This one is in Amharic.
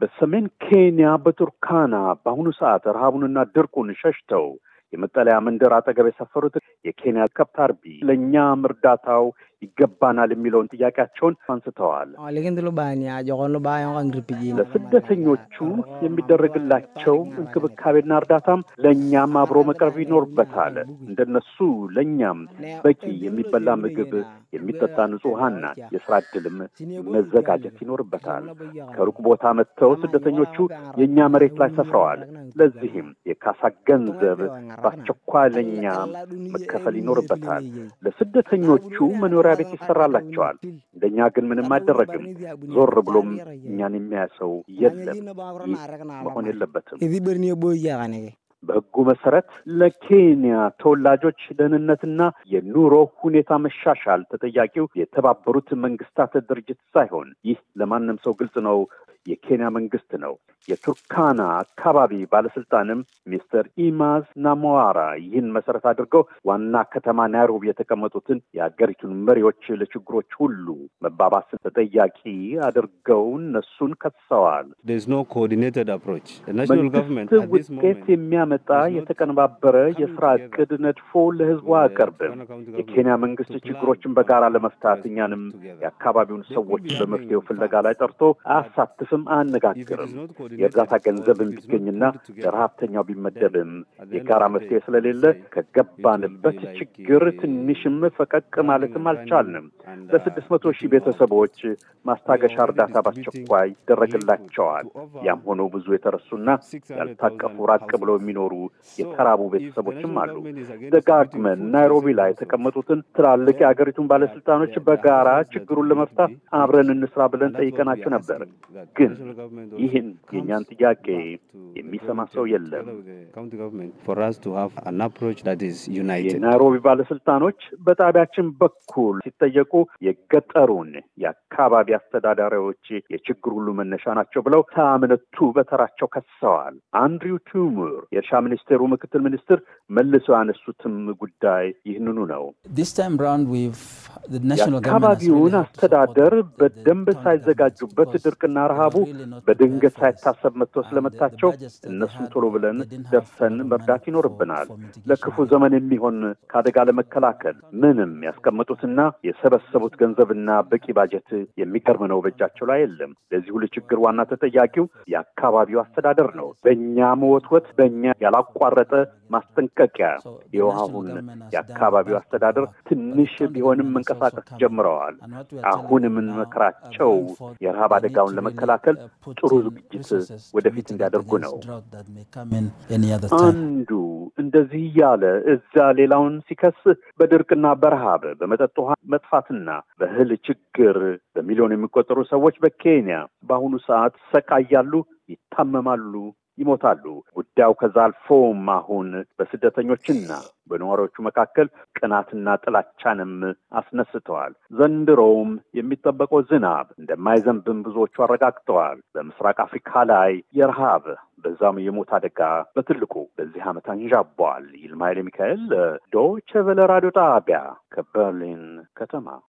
በሰሜን ኬንያ በቱርካና በአሁኑ ሰዓት ረሃቡንና ድርቁን ሸሽተው የመጠለያ መንደር አጠገብ የሰፈሩት የኬንያ ከብት አርቢ ለእኛም እርዳታው ይገባናል የሚለውን ጥያቄያቸውን አንስተዋል። ለስደተኞቹ የሚደረግላቸው እንክብካቤና እርዳታም ለእኛም አብሮ መቅረብ ይኖርበታል። እንደነሱ ለእኛም በቂ የሚበላ ምግብ፣ የሚጠጣ ንጹህ ውሃና የስራ ዕድልም መዘጋጀት ይኖርበታል። ከሩቅ ቦታ መጥተው ስደተኞቹ የእኛ መሬት ላይ ሰፍረዋል። ለዚህም የካሳ ገንዘብ በአስቸኳይ ለእኛ መከፈል ይኖርበታል። ለስደተኞቹ መኖሪያ መኖሪያ ቤት ይሰራላቸዋል። እንደኛ ግን ምንም አደረግም። ዞር ብሎም እኛን የሚያ ሰው የለም። መሆን የለበትም። በህጉ መሰረት ለኬንያ ተወላጆች ደህንነትና የኑሮ ሁኔታ መሻሻል ተጠያቂው የተባበሩት መንግስታት ድርጅት ሳይሆን ይህ ለማንም ሰው ግልጽ ነው የኬንያ መንግስት ነው። የቱርካና አካባቢ ባለስልጣንም ሚስተር ኢማዝ ናሞዋራ ይህን መሰረት አድርገው ዋና ከተማ ናይሮቢ የተቀመጡትን የአገሪቱን መሪዎች ለችግሮች ሁሉ መባባስን ተጠያቂ አድርገው እነሱን ከሰዋል። መንግስት ውጤት የሚያመጣ የተቀነባበረ የስራ እቅድ ነድፎ ለህዝቡ አያቀርብም። የኬንያ መንግስት ችግሮችን በጋራ ለመፍታት እኛንም የአካባቢውን ሰዎች በመፍትሄው ፍለጋ ላይ ጠርቶ አያሳትፍም። ስም አያነጋግርም። የእርዳታ ገንዘብ ቢገኝና ለረሀብተኛው ቢመደብም የጋራ መፍትሄ ስለሌለ ከገባንበት ችግር ትንሽም ፈቀቅ ማለትም አልቻልንም። ለስድስት መቶ ሺህ ቤተሰቦች ማስታገሻ እርዳታ በአስቸኳይ ይደረግላቸዋል። ያም ሆኖ ብዙ የተረሱና ያልታቀፉ ራቅ ብለው የሚኖሩ የተራቡ ቤተሰቦችም አሉ። ደጋግመን ናይሮቢ ላይ የተቀመጡትን ትላልቅ የአገሪቱን ባለስልጣኖች በጋራ ችግሩን ለመፍታት አብረን እንስራ ብለን ጠይቀናቸው ነበር ግን ግን ይህን የእኛን ጥያቄ የሚሰማ ሰው የለም። የናይሮቢ ባለስልጣኖች በጣቢያችን በኩል ሲጠየቁ የገጠሩን የአካባቢ አስተዳዳሪዎች የችግር ሁሉ መነሻ ናቸው ብለው ሳምነቱ በተራቸው ከሰዋል። አንድሪው ቱሙር የእርሻ ሚኒስቴሩ ምክትል ሚኒስትር መልሰው ያነሱትም ጉዳይ ይህንኑ ነው። የአካባቢውን አስተዳደር በደንብ ሳይዘጋጁበት ድርቅና ረሃብ ሀሳቡ በድንገት ሳይታሰብ መጥቶ ስለመታቸው እነሱን ቶሎ ብለን ደርሰን መርዳት ይኖርብናል። ለክፉ ዘመን የሚሆን ከአደጋ ለመከላከል ምንም ያስቀመጡትና የሰበሰቡት ገንዘብና በቂ ባጀት የሚቀርብ ነው በእጃቸው ላይ የለም። ለዚህ ሁሉ ችግር ዋና ተጠያቂው የአካባቢው አስተዳደር ነው። በእኛ መወትወት፣ በእኛ ያላቋረጠ ማስጠንቀቂያ የውሃሁን የአካባቢው አስተዳደር ትንሽ ቢሆንም መንቀሳቀስ ጀምረዋል። አሁን የምንመክራቸው የረሃብ አደጋውን ለመከላከል ለመከላከል uh, ጥሩ ዝግጅት ወደፊት እንዲያደርጉ ነው። አንዱ እንደዚህ እያለ እዛ ሌላውን ሲከስ በድርቅና በረሃብ በመጠጥ ውሃ መጥፋትና በእህል ችግር በሚሊዮን የሚቆጠሩ ሰዎች በኬንያ በአሁኑ ሰዓት ሰቃያሉ፣ ይታመማሉ፣ ይሞታሉ። ጉዳዩ ከዛ አልፎም አሁን በስደተኞችና በነዋሪዎቹ መካከል ቅናትና ጥላቻንም አስነስተዋል። ዘንድሮውም የሚጠበቀው ዝናብ እንደማይዘንብም ብዙዎቹ አረጋግጠዋል። በምስራቅ አፍሪካ ላይ የረሃብ በዛም የሞት አደጋ በትልቁ በዚህ ዓመት አንዣቧል። ይልማ ሚካኤል ዶቼ ቬለ ራዲዮ ጣቢያ ከበርሊን ከተማ